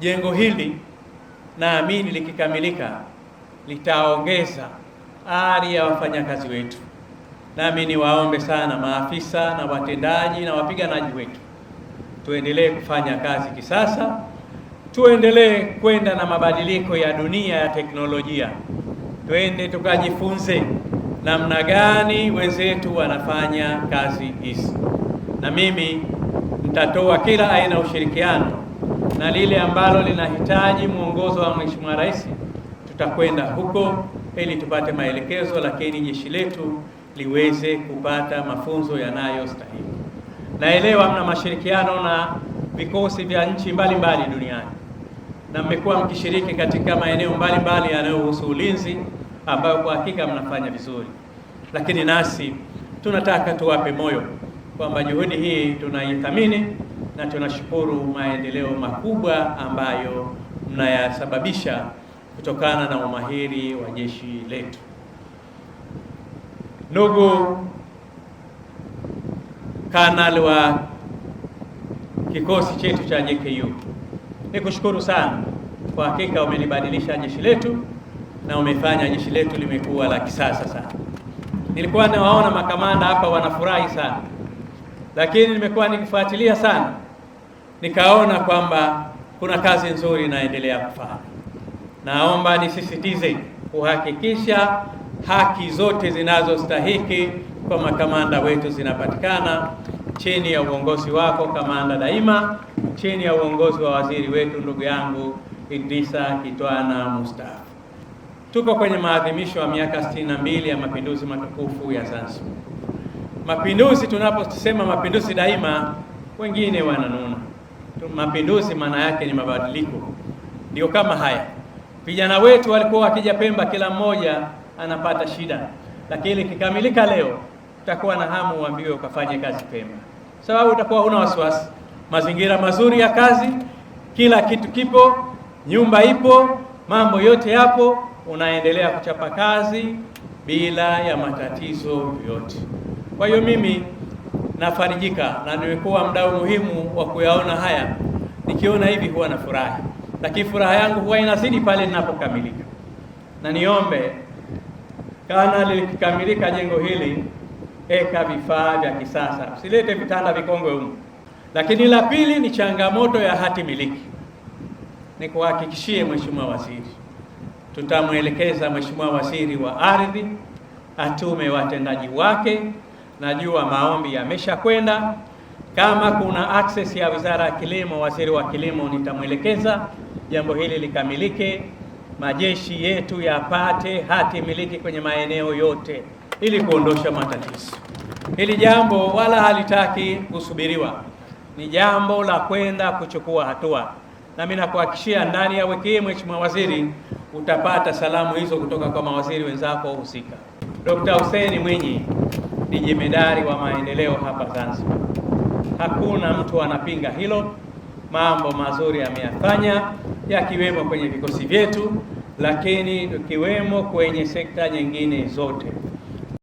jengo hili naamini likikamilika litaongeza ari ya wafanyakazi wetu, nami niwaombe sana maafisa na watendaji na wapiganaji wetu, tuendelee kufanya kazi kisasa, tuendelee kwenda na mabadiliko ya dunia ya teknolojia, twende tukajifunze namna gani wenzetu wanafanya kazi hizi, na mimi nitatoa kila aina ushirikiano na lile ambalo linahitaji mwongozo wa Mheshimiwa Rais tutakwenda huko ili tupate maelekezo, lakini jeshi letu liweze kupata mafunzo yanayostahili. Naelewa mna mashirikiano na vikosi vya nchi mbalimbali duniani na mmekuwa mkishiriki katika maeneo mbalimbali yanayohusu ulinzi ambayo kwa hakika mnafanya vizuri, lakini nasi tunataka tuwape moyo kwamba juhudi hii tunaithamini na tunashukuru maendeleo makubwa ambayo mnayasababisha kutokana na umahiri wa jeshi letu. Ndugu kanal wa kikosi chetu cha JKU, nikushukuru sana kwa hakika, umelibadilisha jeshi letu na umefanya jeshi letu limekuwa la kisasa sana. Nilikuwa nawaona makamanda hapa wanafurahi sana, lakini nimekuwa nikifuatilia sana nikaona kwamba kuna kazi nzuri inaendelea kufanya. Naomba nisisitize kuhakikisha haki zote zinazostahiki kwa makamanda wetu zinapatikana chini ya uongozi wako kamanda, daima chini ya uongozi wa waziri wetu ndugu yangu Idrisa Kitwana Mustafa. Tuko kwenye maadhimisho ya miaka 62 ya mapinduzi matukufu ya Zanzibar. Mapinduzi, tunaposema mapinduzi daima, wengine wananuna Mapinduzi maana yake ni mabadiliko, ndio kama haya. Vijana wetu walikuwa wakija Pemba, kila mmoja anapata shida, lakini kikamilika leo utakuwa na hamu uambiwe ukafanye kazi Pemba, sababu utakuwa huna wasiwasi. Mazingira mazuri ya kazi, kila kitu kipo, nyumba ipo, mambo yote yapo, unaendelea kuchapa kazi bila ya matatizo yote. Kwa hiyo mimi nafarijika na nimekuwa mdau muhimu wa kuyaona haya. Nikiona hivi huwa na furaha lakini furaha yangu huwa inazidi pale ninapokamilika, na niombe kana likikamilika jengo hili, eka vifaa vya kisasa, usilete vitanda vikongwe humu. Lakini la pili ni changamoto ya hati miliki. Nikuhakikishie Mheshimiwa Waziri, tutamwelekeza Mheshimiwa Waziri wa Ardhi atume watendaji wake najua maombi yameshakwenda. Kama kuna access ya Wizara ya Kilimo, waziri wa kilimo nitamwelekeza jambo hili likamilike, majeshi yetu yapate hati miliki kwenye maeneo yote ili kuondosha matatizo. Hili jambo wala halitaki kusubiriwa, ni jambo la kwenda kuchukua hatua, na mimi nakuhakikishia ndani ya wiki hii, Mheshimiwa Waziri, utapata salamu hizo kutoka kwa mawaziri wenzako husika. Dr. Hussein Mwinyi ni jemedari wa maendeleo hapa Zanzibar. Hakuna mtu anapinga hilo. Mambo mazuri ameyafanya yakiwemo kwenye vikosi vyetu, lakini ikiwemo kwenye sekta nyingine zote.